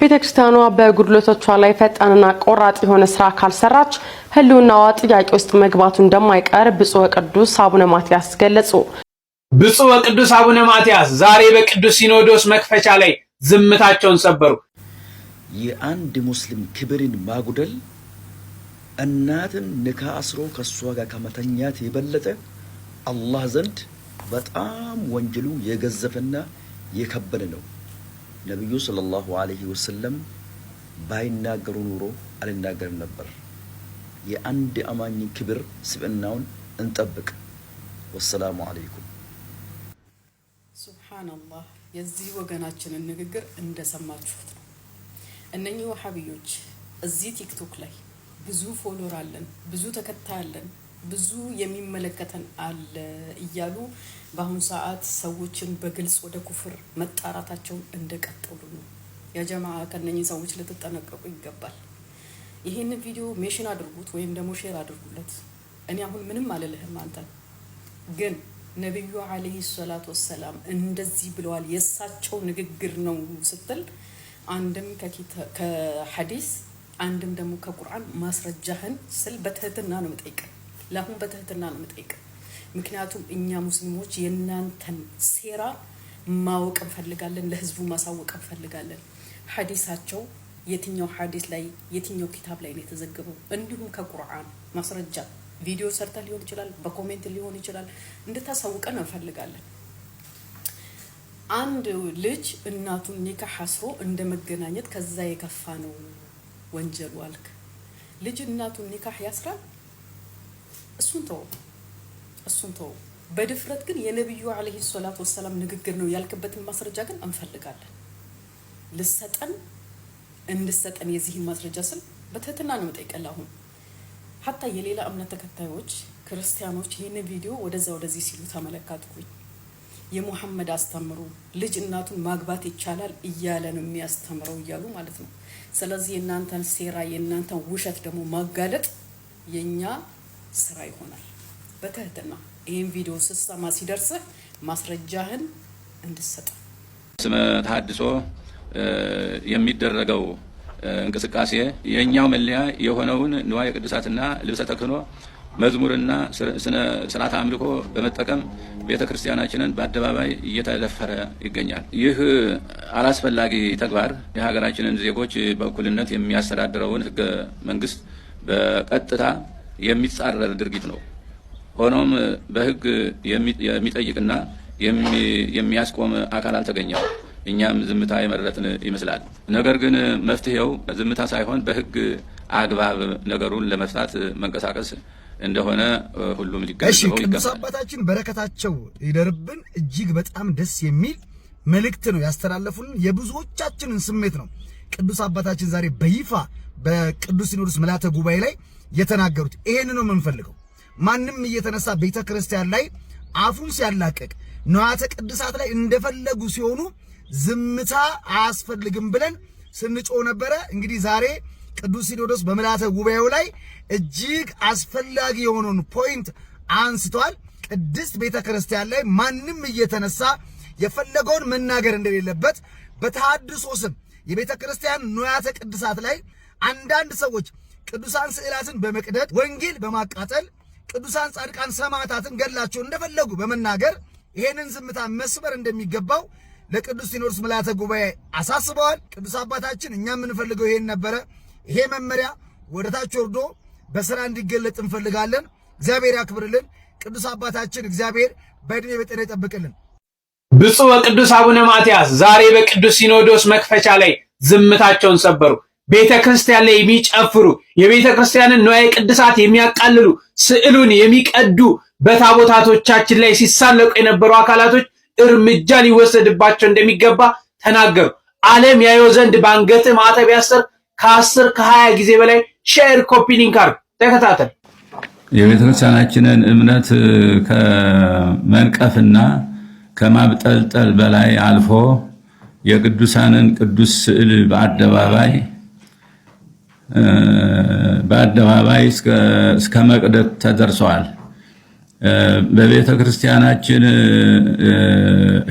ቤተክርስቲያኗ በጉድለቶቿ ላይ ፈጣንና ቆራጥ የሆነ ስራ ካልሰራች ህልውናዋ ጥያቄ ውስጥ መግባቱ እንደማይቀር ብፁዕ ቅዱስ አቡነ ማትያስ ገለጹ። ብፁዕ ቅዱስ አቡነ ማትያስ ዛሬ በቅዱስ ሲኖዶስ መክፈቻ ላይ ዝምታቸውን ሰበሩ። የአንድ ሙስሊም ክብርን ማጉደል እናትን ንካ አስሮ ከእሷ ጋር ከመተኛት የበለጠ አላህ ዘንድ በጣም ወንጀሉ የገዘፈና የከበደ ነው። ነቢዩ ሰለላሁ አለይሂ ወሰለም ባይናገሩ ኑሮ አልናገርም ነበር። የአንድ አማኝ ክብር ስብዕናውን እንጠብቅ። ወሰላሙ አለይኩም። ሱብሓነላህ። የዚህ ወገናችንን ንግግር እንደሰማችሁት ነው። እነኚህ ወሃቢዮች እዚህ ቲክቶክ ላይ ብዙ ፎሎር አለን፣ ብዙ ተከታይ አለን ብዙ የሚመለከተን አለ እያሉ በአሁኑ ሰዓት ሰዎችን በግልጽ ወደ ኩፍር መጣራታቸውን እንደቀጠሉ ነው። የጀማ ከነኚህ ሰዎች ልትጠነቀቁ ይገባል። ይህንን ቪዲዮ ሜሽን አድርጉት ወይም ደግሞ ሼር አድርጉለት። እኔ አሁን ምንም አልልህም አንተ ግን ነቢዩ አለይሂ ሰላቱ ወሰላም እንደዚህ ብለዋል፣ የእሳቸው ንግግር ነው ስትል አንድም ከሐዲስ አንድም ደግሞ ከቁርአን ማስረጃህን ስል በትህትና ነው የምጠይቀን። ለአሁን በትህትና ነው የምጠይቅ። ምክንያቱም እኛ ሙስሊሞች የእናንተን ሴራ ማወቅ እንፈልጋለን፣ ለህዝቡ ማሳወቅ እንፈልጋለን። ሀዲሳቸው የትኛው ሀዲስ ላይ የትኛው ኪታብ ላይ ነው የተዘገበው? እንዲሁም ከቁርአን ማስረጃ ቪዲዮ ሰርተ ሊሆን ይችላል፣ በኮሜንት ሊሆን ይችላል። እንድታሳውቀን እንፈልጋለን። አንድ ልጅ እናቱን ኒካህ አስሮ እንደ መገናኘት ከዛ የከፋ ነው ወንጀሉ አልክ። ልጅ እናቱን ኒካህ ያስራል። እሱን ተው፣ እሱን ተው። በድፍረት ግን የነቢዩ አለይሂ ሰላቱ ወሰላም ንግግር ነው ያልክበትን ማስረጃ ግን እንፈልጋለን። ልሰጠን እንድሰጠን የዚህን ማስረጃ ስል በትህትና ነው ጠይቀል። አሁን ሀታ የሌላ እምነት ተከታዮች ክርስቲያኖች ይህንን ቪዲዮ ወደዛ ወደዚህ ሲሉ ተመለከትኩኝ። የሙሐመድ አስተምሩ ልጅ እናቱን ማግባት ይቻላል እያለ ነው የሚያስተምረው እያሉ ማለት ነው። ስለዚህ የእናንተን ሴራ የእናንተን ውሸት ደግሞ ማጋለጥ የእኛ ስራ ይሆናል። በትህትና ይህን ቪዲዮ ስሰማ ሲደርስህ ማስረጃህን እንድሰጥ ስመ ተሃድሶ የሚደረገው እንቅስቃሴ የእኛው መለያ የሆነውን ንዋየ ቅድሳትና ልብሰ ተክህኖ መዝሙርና ስርዓት አምልኮ በመጠቀም ቤተ ክርስቲያናችንን በአደባባይ እየተደፈረ ይገኛል። ይህ አላስፈላጊ ተግባር የሀገራችንን ዜጎች በእኩልነት የሚያስተዳድረውን ህገ መንግስት በቀጥታ የሚጻረር ድርጊት ነው። ሆኖም በህግ የሚጠይቅና የሚያስቆም አካል አልተገኘም። እኛም ዝምታ የመረጥን ይመስላል። ነገር ግን መፍትሄው ዝምታ ሳይሆን በህግ አግባብ ነገሩን ለመፍታት መንቀሳቀስ እንደሆነ ሁሉም ሊገነዘበው ቅዱስ አባታችን በረከታቸው ይደርብን። እጅግ በጣም ደስ የሚል መልእክት ነው ያስተላለፉልን፣ የብዙዎቻችንን ስሜት ነው። ቅዱስ አባታችን ዛሬ በይፋ በቅዱስ ሲኖዶስ ምልዓተ ጉባኤ ላይ የተናገሩት። ይሄን ነው የምንፈልገው። ማንም እየተነሳ ቤተ ክርስቲያን ላይ አፉን ሲያላቀቅ ንዋያተ ቅድሳት ላይ እንደፈለጉ ሲሆኑ ዝምታ አያስፈልግም ብለን ስንጮ ነበረ። እንግዲህ ዛሬ ቅዱስ ሲኖዶስ በምልዓተ ጉባኤው ላይ እጅግ አስፈላጊ የሆነውን ፖይንት አንስቷል። ቅድስት ቤተ ክርስቲያን ላይ ማንም እየተነሳ የፈለገውን መናገር እንደሌለበት በተሐድሶ ስም የቤተ ክርስቲያን ንዋያተ ቅድሳት ላይ አንዳንድ ሰዎች ቅዱሳን ስዕላትን በመቅደድ ወንጌል በማቃጠል ቅዱሳን ጻድቃን ሰማዕታትን ገላቸው እንደፈለጉ በመናገር ይህንን ዝምታ መስበር እንደሚገባው ለቅዱስ ሲኖዶስ ምልዓተ ጉባኤ አሳስበዋል። ቅዱስ አባታችን እኛ የምንፈልገው ይሄን ነበረ። ይሄ መመሪያ ወደታች ወርዶ በስራ እንዲገለጥ እንፈልጋለን። እግዚአብሔር ያክብርልን። ቅዱስ አባታችን እግዚአብሔር በእድሜ በጤና ይጠብቅልን። ብፁዕ ወቅዱስ አቡነ ማትያስ ዛሬ በቅዱስ ሲኖዶስ መክፈቻ ላይ ዝምታቸውን ሰበሩ። ቤተ ክርስቲያን ላይ የሚጨፍሩ የቤተ ክርስቲያንን ንዋየ ቅድሳት የሚያቃልሉ ስዕሉን የሚቀዱ በታቦታቶቻችን ላይ ሲሳለቁ የነበሩ አካላቶች እርምጃ ሊወሰድባቸው እንደሚገባ ተናገሩ። ዓለም ያየው ዘንድ በአንገት ማዕተብ ያስር። ከአስር ከሀያ ጊዜ በላይ ሼር ኮፒኒንግ ካርድ ተከታተል። የቤተክርስቲያናችንን እምነት ከመንቀፍና ከማብጠልጠል በላይ አልፎ የቅዱሳንን ቅዱስ ስዕል በአደባባይ በአደባባይ እስከ መቅደት ተደርሰዋል። በቤተ ክርስቲያናችን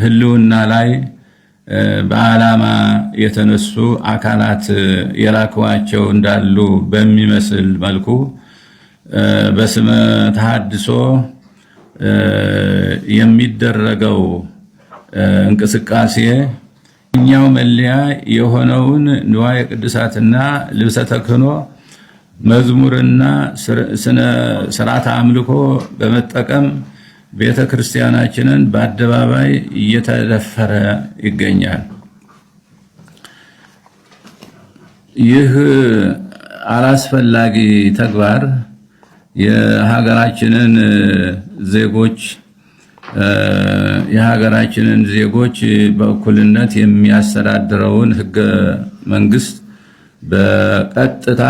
ሕልውና ላይ በዓላማ የተነሱ አካላት የላክዋቸው እንዳሉ በሚመስል መልኩ በስመ ተሐድሶ የሚደረገው እንቅስቃሴ እኛው መለያ የሆነውን ንዋየ ቅድሳትና ልብሰ ተክህኖ መዝሙርና ስርዓት አምልኮ በመጠቀም ቤተ ክርስቲያናችንን በአደባባይ እየተደፈረ ይገኛል። ይህ አላስፈላጊ ተግባር የሀገራችንን ዜጎች የሀገራችንን ዜጎች በእኩልነት የሚያስተዳድረውን ህገ መንግስት በቀጥታ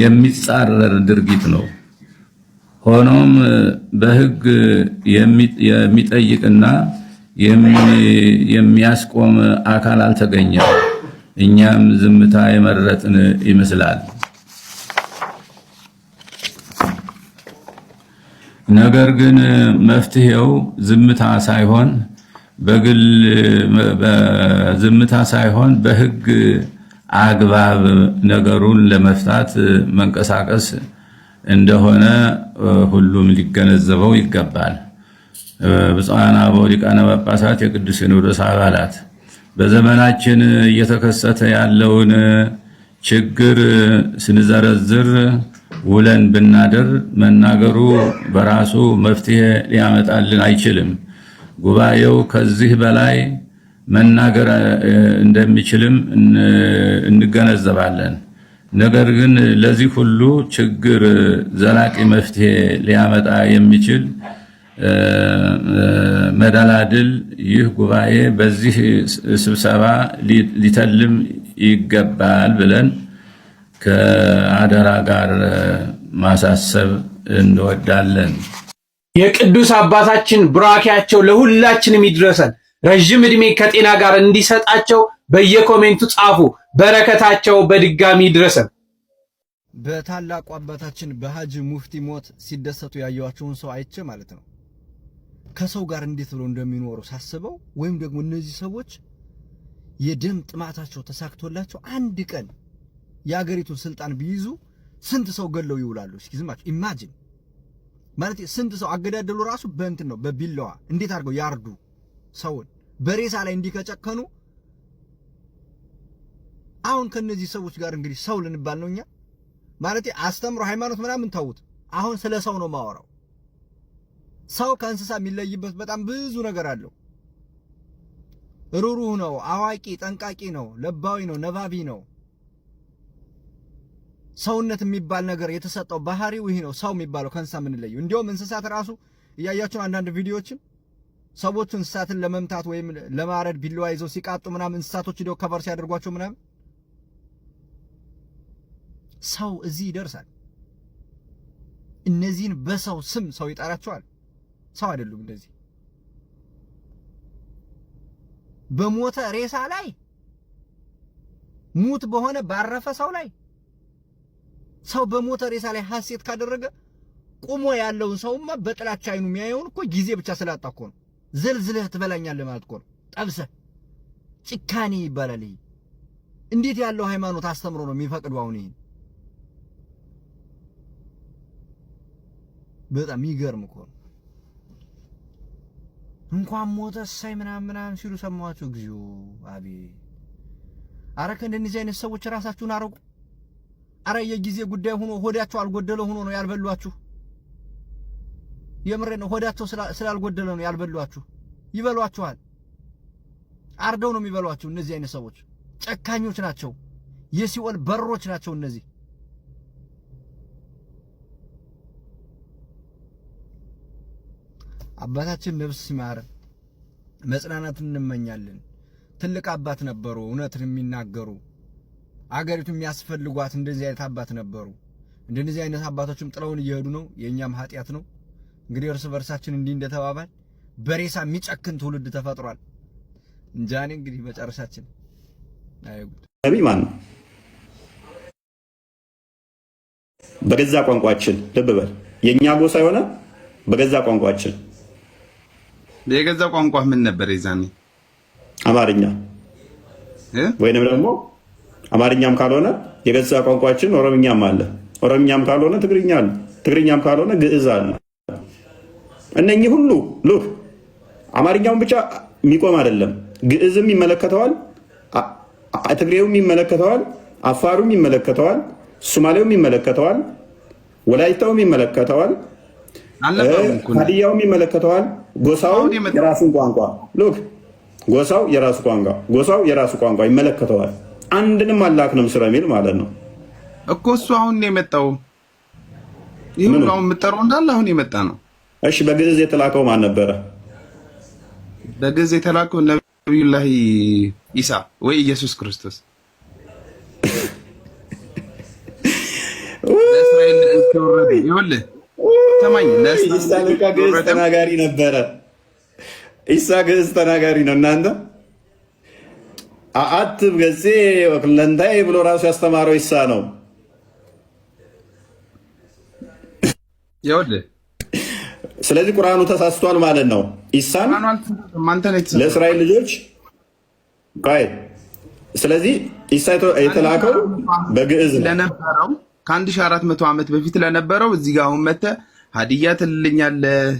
የሚጻረር ድርጊት ነው። ሆኖም በህግ የሚጠይቅና የሚያስቆም አካል አልተገኘም። እኛም ዝምታ የመረጥን ይመስላል። ነገር ግን መፍትሄው ዝምታ ሳይሆን በግል ዝምታ ሳይሆን በህግ አግባብ ነገሩን ለመፍታት መንቀሳቀስ እንደሆነ ሁሉም ሊገነዘበው ይገባል። ብፁዓን አበው ሊቃነ ጳጳሳት፣ የቅዱስ ሲኖዶስ አባላት በዘመናችን እየተከሰተ ያለውን ችግር ስንዘረዝር ውለን ብናድር መናገሩ በራሱ መፍትሄ ሊያመጣልን አይችልም። ጉባኤው ከዚህ በላይ መናገር እንደሚችልም እንገነዘባለን። ነገር ግን ለዚህ ሁሉ ችግር ዘላቂ መፍትሄ ሊያመጣ የሚችል መደላድል ይህ ጉባኤ በዚህ ስብሰባ ሊተልም ይገባል ብለን ከአደራ ጋር ማሳሰብ እንወዳለን። የቅዱስ አባታችን ብራኪያቸው ለሁላችንም ይድረሰን። ረዥም ዕድሜ ከጤና ጋር እንዲሰጣቸው በየኮሜንቱ ጻፉ። በረከታቸው በድጋሚ ይድረሰን። በታላቁ አባታችን በሀጅ ሙፍቲ ሞት ሲደሰቱ ያየኋቸውን ሰው አይቼ ማለት ነው ከሰው ጋር እንዴት ብለው እንደሚኖሩ ሳስበው፣ ወይም ደግሞ እነዚህ ሰዎች የደም ጥማታቸው ተሳክቶላቸው አንድ ቀን የአገሪቱን ስልጣን ቢይዙ ስንት ሰው ገለው ይውላሉ? እስኪ ኢማጂን ማለት ስንት ሰው አገዳደሉ ራሱ በእንትን ነው፣ በቢላዋ እንዴት አድርገው ያርዱ ሰውን በሬሳ ላይ እንዲከጨከኑ። አሁን ከነዚህ ሰዎች ጋር እንግዲህ ሰው ልንባል ነው እኛ ማለት አስተምሮ ሃይማኖት ምናምን ተውት። አሁን ስለ ሰው ነው ማወራው። ሰው ከእንስሳ የሚለይበት በጣም ብዙ ነገር አለው። ሩሩህ ነው፣ አዋቂ ጠንቃቂ ነው፣ ለባዊ ነው፣ ነባቢ ነው። ሰውነት የሚባል ነገር የተሰጠው ባህሪው ይህ ነው። ሰው የሚባለው ከእንስሳ የምንለየው እንዲሁም እንስሳት ራሱ እያያቸው አንዳንድ ቪዲዮዎችን ሰዎቹ እንስሳትን ለመምታት ወይም ለማረድ ቢለዋ ይዘው ሲቃጡ ምናምን እንስሳቶች ሂደው ከበር ሲያደርጓቸው ምናምን ሰው እዚህ ይደርሳል። እነዚህን በሰው ስም ሰው ይጠራቸዋል። ሰው አይደሉም። እንደዚህ በሞተ ሬሳ ላይ ሙት በሆነ ባረፈ ሰው ላይ ሰው በሞተ ሬሳ ላይ ሀሴት ካደረገ ቁሞ ያለውን ሰውማ በጥላቻ አይኑ የሚያየውን እኮ ጊዜ ብቻ ስላጣ እኮ ነው። ዝልዝልህ ትበላኛለህ ማለት እኮ ነው። ጠብሰህ ጭካኔ ይባላል ይሄ። እንዴት ያለው ሃይማኖት አስተምሮ ነው የሚፈቅደው? አሁን ይሄ በጣም ይገርም እኮ ነው። እንኳን ሞተ ሳይ ምናምን ምናምን ሲሉ ሰማኋቸው። እግዚኦ አቤት! አረ ከእንደነዚህ አይነት ሰዎች ራሳችሁን አረጉ። አረ የጊዜ ጉዳይ ሆኖ ሆዳቸው አልጎደለ ሆኖ ነው ያልበሏችሁ። የምሬ ነው። ሆዳቸው ስላልጎደለ ነው ያልበሏችሁ። ይበሏችኋል። አርደው ነው የሚበሏችሁ። እነዚህ አይነት ሰዎች ጨካኞች ናቸው። የሲኦል በሮች ናቸው እነዚህ። አባታችን ነፍስ ሲማር መጽናናትን እንመኛለን። ትልቅ አባት ነበሩ፣ እውነትን የሚናገሩ አገሪቱ የሚያስፈልጓት እንደዚህ አይነት አባት ነበሩ። እንደነዚህ አይነት አባቶችም ጥለውን እየሄዱ ነው። የእኛም ኃጢአት ነው። እንግዲህ እርስ በርሳችን እንዲህ እንደተባባል በሬሳ የሚጨክን ትውልድ ተፈጥሯል። እንጃኔ እንግዲህ መጨረሻችን ማን ነው? በገዛ ቋንቋችን ልብ በል የእኛ ጎሳ የሆነ በገዛ ቋንቋችን የገዛ ቋንቋ ምን ነበር የዛኔ? አማርኛ ወይንም ደግሞ አማርኛም ካልሆነ የገዛ ቋንቋችን ኦሮምኛም አለ። ኦሮምኛም ካልሆነ ትግርኛ አለ። ትግርኛም ካልሆነ ግዕዝ አለ። እነኚህ ሁሉ ሉክ አማርኛውን ብቻ የሚቆም አይደለም። ግዕዝም ይመለከተዋል፣ ትግሬውም ይመለከተዋል፣ አፋሩም ይመለከተዋል፣ ሱማሌውም ይመለከተዋል፣ ወላይታውም ይመለከተዋል፣ ሀዲያውም ይመለከተዋል። ጎሳው የራሱን ቋንቋ ሉክ ጎሳው የራሱ ቋንቋ ጎሳው የራሱ ቋንቋ ይመለከተዋል። አንድንም አላክንም ስለሚል ማለት ነው እኮ እሱ አሁን ነው የመጣው። ይሁን አሁን የምጠራው እንዳለ አሁን የመጣ ነው። እሺ በግዕዝ የተላከው ማን ነበረ? በግዕዝ የተላከው ነቢዩላህ ኢሳ ወይ ኢየሱስ ክርስቶስ ለእስራኤል ሲወረድ ተናጋሪ ነበረ። ኢሳ ግዕዝ ተናጋሪ ነው እናንተ አአት ገጼ ወክለንታይ ብሎ ራሱ ያስተማረው ይሳ ነው። ስለዚህ ቁርአኑ ተሳስቷል ማለት ነው። ኢሳን ለእስራኤል ልጆች ይ ስለዚህ ኢሳ የተላከው በግዕዝ ለነበረው ከአንድ ሺህ አራት መቶ ዓመት በፊት ለነበረው እዚህ ጋር አሁን መተ ሀዲያ ትልልኛለህ፣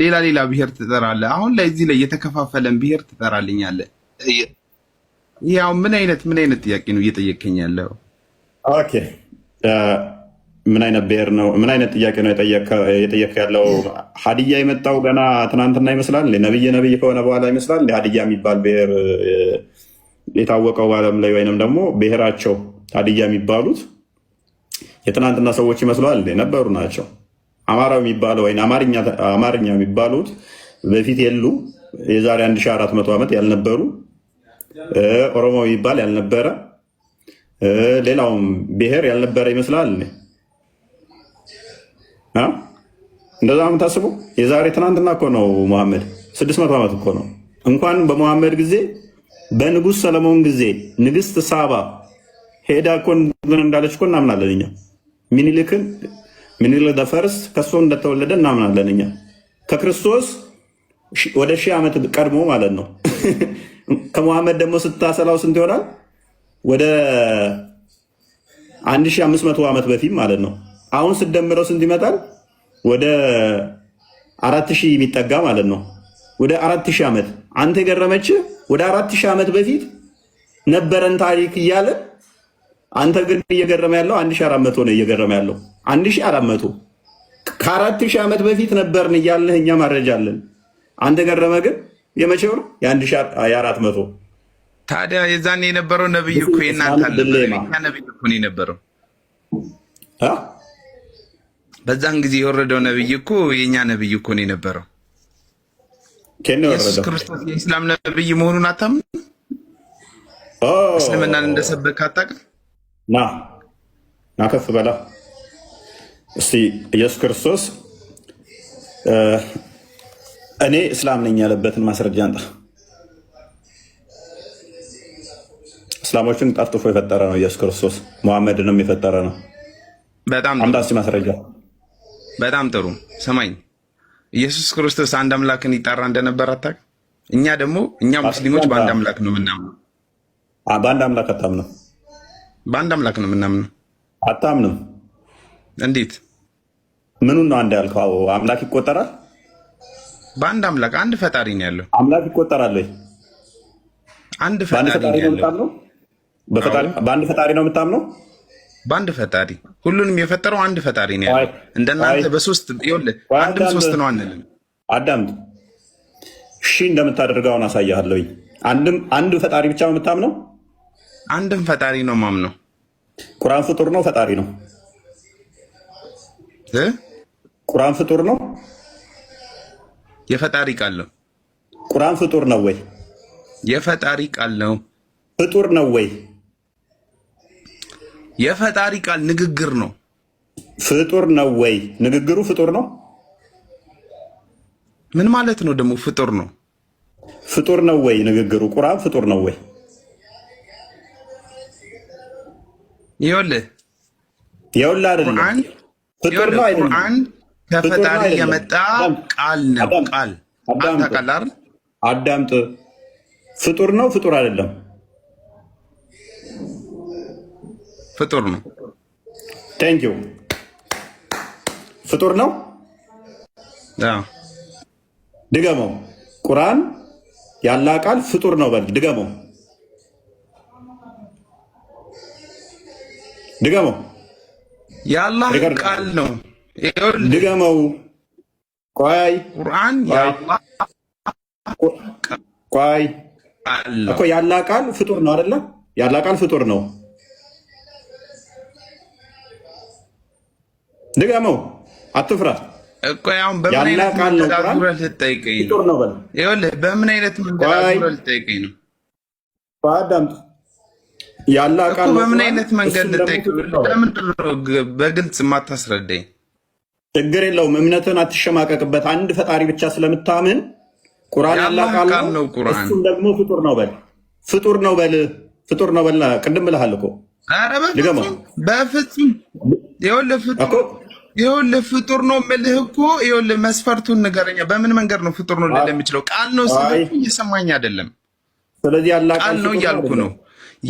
ሌላ ሌላ ብሄር ትጠራለህ። አሁን ላይ እዚህ ላይ የተከፋፈለን ብሄር ትጠራልኛለህ። ያው ምን አይነት ምን አይነት ጥያቄ ነው እየጠየቀኝ ያለው? ኦኬ ምን አይነት ብሔር ነው ምን አይነት ጥያቄ ነው እየጠየቅ ያለው? ሀዲያ የመጣው ገና ትናንትና ይመስላል። ነብይ ነብይ ከሆነ በኋላ ይመስላል ሀዲያ የሚባል ብሔር የታወቀው በዓለም ላይ ወይንም ደግሞ ብሔራቸው ሀዲያ የሚባሉት የትናንትና ሰዎች ይመስላል የነበሩ ናቸው። አማራ የሚባለው ወይ አማርኛ የሚባሉት በፊት የሉ የዛሬ 1400 ዓመት ያልነበሩ ኦሮሞ ይባል ያልነበረ ሌላውም ብሔር ያልነበረ ይመስላል። እንደዛ ነው የዛሬ ትናንትና እኮ ነው መሐመድ፣ ስድስት መቶ ዓመት እኮ ነው። እንኳን በመሐመድ ጊዜ በንጉሥ ሰለሞን ጊዜ ንግሥት ሳባ ሄዳ እኮ እንዳለች እኮ እናምናለን እኛ። ሚኒልክን ምኒልክ ደፈርስ ከእሱ እንደተወለደ እናምናለን እኛ ከክርስቶስ ወደ ሺህ ዓመት ቀድሞ ማለት ነው። ከመሐመድ ደግሞ ስታሰላው ስንት ይሆናል? ወደ 1500 ዓመት በፊት ማለት ነው። አሁን ስደምረው ስንት ይመጣል? ወደ 4000 የሚጠጋ ማለት ነው። ወደ 4000 ዓመት አንተ የገረመች ወደ 4000 ዓመት በፊት ነበረን ታሪክ እያለ አንተ ግን እየገረመ ያለው 1400 ነው። እየገረመ ያለው 1400 ከ4000 ዓመት በፊት ነበርን እያለህ እኛ ማረጃለን? አለን። አንድ ገረመ ግን የመቼው ነው? የአንድ ሺህ የአራት መቶ ታዲያ የዛኔ የነበረው ነብዩ እኮ የእናንተ ነብዩ እኮ ነው የነበረው። በዛን ጊዜ የወረደው ነብይ እኮ የእኛ ነብይ እኮ ነው የነበረው። ኢየሱስ ክርስቶስ የእስላም ነብይ መሆኑን አታምን? እስልምናን እንደሰበከ አታውቅም? ና ና ከፍ በላ እስቲ ኢየሱስ ክርስቶስ እኔ እስላም ነኝ ያለበትን ማስረጃ አንጣ። እስላሞችን ጠፍጥፎ የፈጠረ ነው ኢየሱስ ክርስቶስ፣ መሐመድንም የፈጠረ ነው። በጣም አምጣስ ማስረጃ። በጣም ጥሩ ሰማኝ። ኢየሱስ ክርስቶስ አንድ አምላክን ይጠራ እንደነበር አታውቅም? እኛ ደግሞ እኛ ሙስሊሞች በአንድ አምላክ ነው የምናምነው። በአንድ አምላክ አታምነው? በአንድ አምላክ ነው የምናምነው። አታምንም? እንዴት? ምኑን ነው አንድ ያልከው? አምላክ ይቆጠራል በአንድ አምላክ አንድ ፈጣሪ ነው ያለው። አምላክ ይቆጠራል። አንድ ፈጣሪ ነው ያለው። በአንድ ፈጣሪ ነው የምታምነው? በአንድ ፈጣሪ ሁሉንም የፈጠረው አንድ ፈጣሪ ነው ያለው። እንደናንተ በሶስት አንድም ሶስት ነው አንልም። አዳምጥ እሺ። እንደምታደርገውን አሳያለሁኝ። አንድ ፈጣሪ ብቻ ነው የምታምነው? አንድም ፈጣሪ ነው ማምነው። ቁርአን ፍጡር ነው ፈጣሪ ነው? ቁርአን ፍጡር ነው የፈጣሪ ቃል ነው። ቁርአን ፍጡር ነው ወይ? የፈጣሪ ቃል ነው። ፍጡር ነው ወይ? የፈጣሪ ቃል ንግግር ነው። ፍጡር ነው ወይ? ንግግሩ ፍጡር ነው። ምን ማለት ነው ደግሞ ፍጡር ነው? ፍጡር ነው ወይ? ንግግሩ ቁርአን ፍጡር ነው ወይ? ይኸውልህ ይኸውልህ አይደለም ፍጡር ነው አይደለም ከፈጣሪ የመጣ ቃል ነው። ቃል አንተ አዳምጥ። ፍጡር ነው ፍጡር አይደለም? ፍጡር ነው። ዩ ፍጡር ነው። ድገመው። ቁርአን ያላ ቃል ፍጡር ነው በል። ድገመው፣ ድገመው። ያላ ቃል ነው ድገመው። ቆይ ቁርአን ቆይ እኮ ያላ ቃል ፍጡር ነው አይደለ? ያላ ቃል ፍጡር ነው። ድገመው፣ አትፍራ። እኮ አሁን በምን አይነት መንገድ ልትጠይቀኝ ነው? ይኸውልህ በምን አይነት መንገድ ልትጠይቀኝ ነው? አዳምጥ። ቃል በምን አይነት መንገድ ልትጠይቀኝ ነው? ለምንድን ነው በግልጽ የማታስረዳኝ? ችግር የለውም። እምነትን አትሸማቀቅበት። አንድ ፈጣሪ ብቻ ስለምታምን ቁርአን ያላቃል ነው። እሱም ደግሞ ፍጡር ነው በል ፍጡር ነው በል ፍጡር ነው በል ቅድም ብለሃል እኮ በፍጹም ፍጡር ነው የምልህ እኮ ይኸውልህ መስፈርቱን ንገረኛ። በምን መንገድ ነው ፍጡር ነው ልል የምችለው? ቃል ነው ስ እየሰማኝ አይደለም። ስለዚህ ቃል ነው እያልኩ ነው።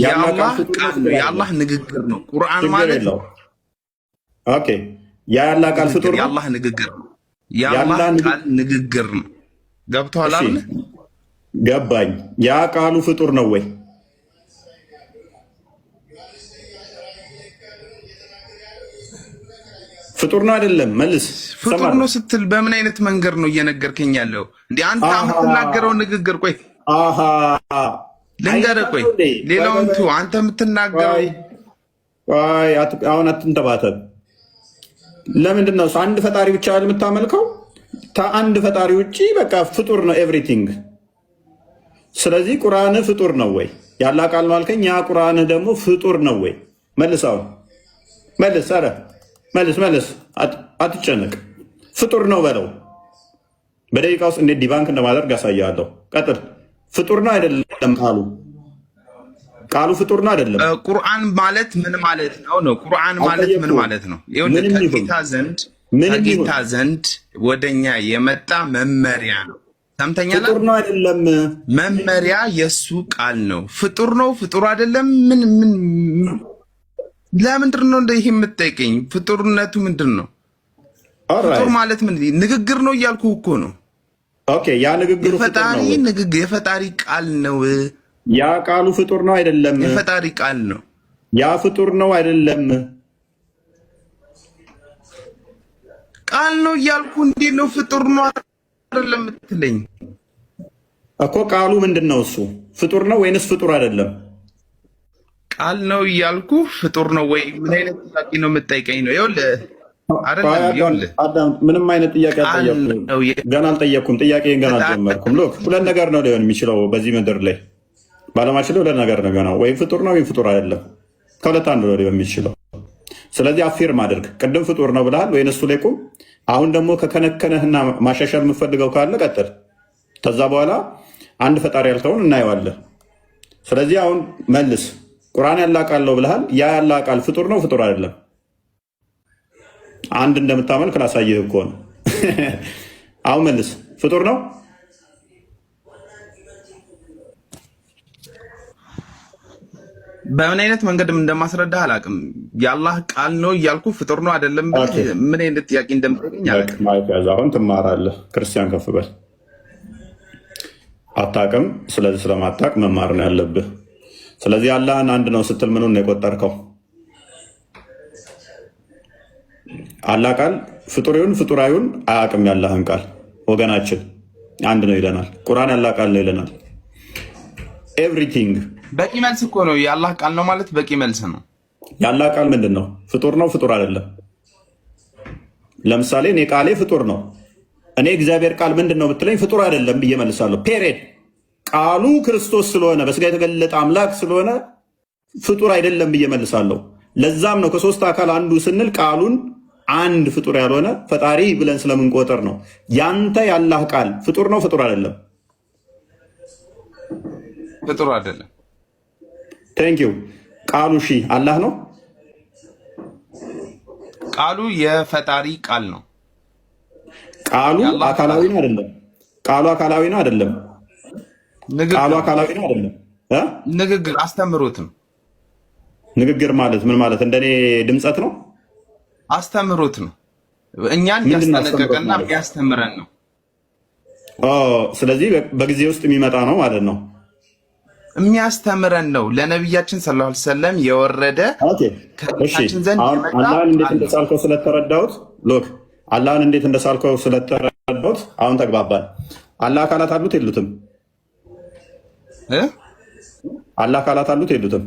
የአላህ ቃል ነው፣ የአላህ ንግግር ነው ቁርአን ማለት ነው። ኦኬ የአላህ ቃል ፍጡር የአላህ ንግግር ነው። ቃል ንግግር ነው። ገብቶሃል አይደል? ገባኝ። ያ ቃሉ ፍጡር ነው ወይ? ፍጡር ነው አይደለም? መልስ። ፍጡር ነው ስትል በምን አይነት መንገድ ነው እየነገርከኝ ያለው? እንደ አንተ የምትናገረው ንግግር ቆይ ልንገርህ፣ ቆይ ሌላውን አንተ የምትናገረው አሁን አትንተባተብ ለምንድን ነው አንድ ፈጣሪ ብቻ የምታመልከው? ከአንድ ፈጣሪ ውጭ በቃ ፍጡር ነው ኤቭሪቲንግ። ስለዚህ ቁርአንህ ፍጡር ነው ወይ? ያለ ቃል ማልከኝ ያ ቁርአንህ ደግሞ ፍጡር ነው ወይ? መልሰው መልስ፣ ኧረ መልስ፣ መልስ። አትጨነቅ፣ ፍጡር ነው በለው። በደቂቃ ውስጥ እንዴት ዲባንክ እንደማደርግ አሳያለሁ። ቀጥል። ፍጡር ነው አይደለም ቃሉ ቃሉ ፍጡርና አይደለም። ቁርአን ማለት ምን ማለት ነው? ነው ቁርአን ማለት ምን ማለት ነው? ከጌታ ዘንድ ከጌታ ዘንድ ወደኛ የመጣ መመሪያ ነው። ሰምተኛል። ፍጡር ነው አይደለም? መመሪያ የእሱ ቃል ነው። ፍጡር ነው ፍጡር አይደለም? ምን ምን ለምንድን ነው እንደ ይሄ የምትጠይቀኝ? ፍጡርነቱ ምንድን ነው? ፍጡር ማለት ምን ንግግር ነው እያልኩ እኮ ነው። ኦኬ ያ ንግግር የፈጣሪ ንግግር የፈጣሪ ቃል ነው። ያ ቃሉ ፍጡር ነው አይደለም? የፈጣሪ ቃል ነው። ያ ፍጡር ነው አይደለም? ቃል ነው እያልኩ እንዴት ነው ፍጡር ነው አይደለም የምትለኝ? እኮ ቃሉ ምንድን ነው? እሱ ፍጡር ነው ወይንስ ፍጡር አይደለም? ቃል ነው እያልኩ ፍጡር ነው ወይ? ምን አይነት ጥያቄ ነው የምጠይቀኝ? ነው ይኸውልህ፣ ምንም አይነት ጥያቄ አልጠየኩም። ገና አልጠየኩም። ጥያቄ ገና አልጀመርኩም። ሁለት ነገር ነው ሊሆን የሚችለው በዚህ ምድር ላይ በዓለማችን ላይ ሁለት ነገር ነው የሚሆነው፣ ወይም ፍጡር ነው ወይም ፍጡር አይደለም። ከሁለት አንዱ ነው የሚችለው። ስለዚህ አፌር አድርግ። ቅድም ፍጡር ነው ብለሃል፣ ወይ እሱ ላይ ቁም። አሁን ደግሞ ከከነከነህና ማሻሻል የምፈልገው ካለ ቀጥል። ከዛ በኋላ አንድ ፈጣሪ ያልከውን እናየዋለን። ስለዚህ አሁን መልስ። ቁርአን ያላቃለው ብልሃል። ያ ያላቃል ፍጡር ነው ፍጡር አይደለም? አንድ እንደምታመልክ ላሳይህ እኮ ነው። አሁን መልስ፣ ፍጡር ነው በምን አይነት መንገድም እንደማስረዳ አላውቅም። የአላህ ቃል ነው እያልኩ ፍጡር ነው አይደለም ምን አይነት ጥያቄ እንደምጠቀኝ አሁን ትማራለህ። ክርስቲያን ከፍ በል አታውቅም። ስለዚህ ስለማታውቅ መማር ነው ያለብህ። ስለዚህ አላህን አንድ ነው ስትል ምኑን ነው የቆጠርከው? አላህ ቃል ፍጡሬውን ፍጡራዊውን አያውቅም። ያላህን ቃል ወገናችን አንድ ነው ይለናል። ቁርአን ያላህ ቃል ነው ይለናል። ኤቭሪቲንግ በቂ መልስ እኮ ነው። የአላህ ቃል ነው ማለት በቂ መልስ ነው። የአላህ ቃል ምንድን ነው? ፍጡር ነው? ፍጡር አይደለም? ለምሳሌ እኔ ቃሌ ፍጡር ነው። እኔ እግዚአብሔር ቃል ምንድን ነው ብትለኝ ፍጡር አይደለም ብዬ መልሳለሁ። ፔሬድ። ቃሉ ክርስቶስ ስለሆነ በስጋ የተገለጠ አምላክ ስለሆነ ፍጡር አይደለም ብዬ መልሳለሁ። ለዛም ነው ከሶስት አካል አንዱ ስንል ቃሉን አንድ ፍጡር ያልሆነ ፈጣሪ ብለን ስለምንቆጠር ነው። ያንተ ያላህ ቃል ፍጡር ነው? ፍጡር አይደለም? ፍጡር አይደለም። ቴንኪው። ቃሉ ሺ አላህ ነው። ቃሉ የፈጣሪ ቃል ነው። ቃሉ አካላዊ ነው አይደለም። ቃሉ አካላዊ ነው አይደለም። ቃሉ አካላዊ ነው አይደለም። ንግግር አስተምህሮት ነው። ንግግር ማለት ምን ማለት? እንደኔ ድምፀት ነው። አስተምህሮት ነው። እኛን ያስጠነቀቀና ያስተምረን ነው። ስለዚህ በጊዜ ውስጥ የሚመጣ ነው ማለት ነው። የሚያስተምረን ነው። ለነቢያችን ስለ ላ ሰለም የወረደ ከችን ዘንድ አላህን እንዴት እንደሳልከው ስለተረዳሁት ሎክ አላህን እንዴት እንደሳልከው ስለተረዳሁት አሁን ተግባባል። አላህ አካላት አሉት የሉትም? አላህ አካላት አሉት የሉትም?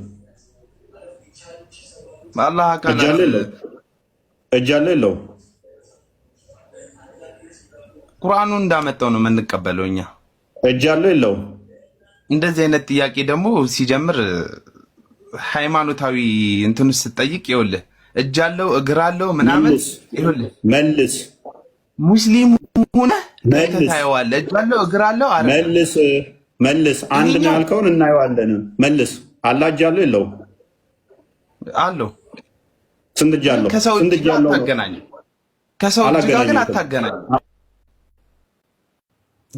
እጅ አለ የለው? ቁርአኑ እንዳመጣው ነው የምንቀበለው እኛ። እጅ አለው የለው? እንደዚህ አይነት ጥያቄ ደግሞ ሲጀምር ሃይማኖታዊ እንትን ስትጠይቅ ይኸውልህ እጅ አለው እግር አለው ምናምን ይኸውልህ መልስ ሙስሊም ሆነህ ታየዋለህ። እጅ አለው እግር አለው መልስ መልስ አንድ ነው ያልከውን እናየዋለን። መልስ አላህ እጅ አለው የለውም? አለው። ስንት እጅ አለው? ከሰው እጅ ጋር አታገናኝም። ከሰው እጅ ጋር ግን አታገናኝ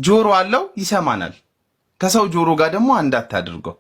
ጆሮ አለው ይሰማናል ከሰው ጆሮ ጋር ደግሞ አንድ አታድርገው።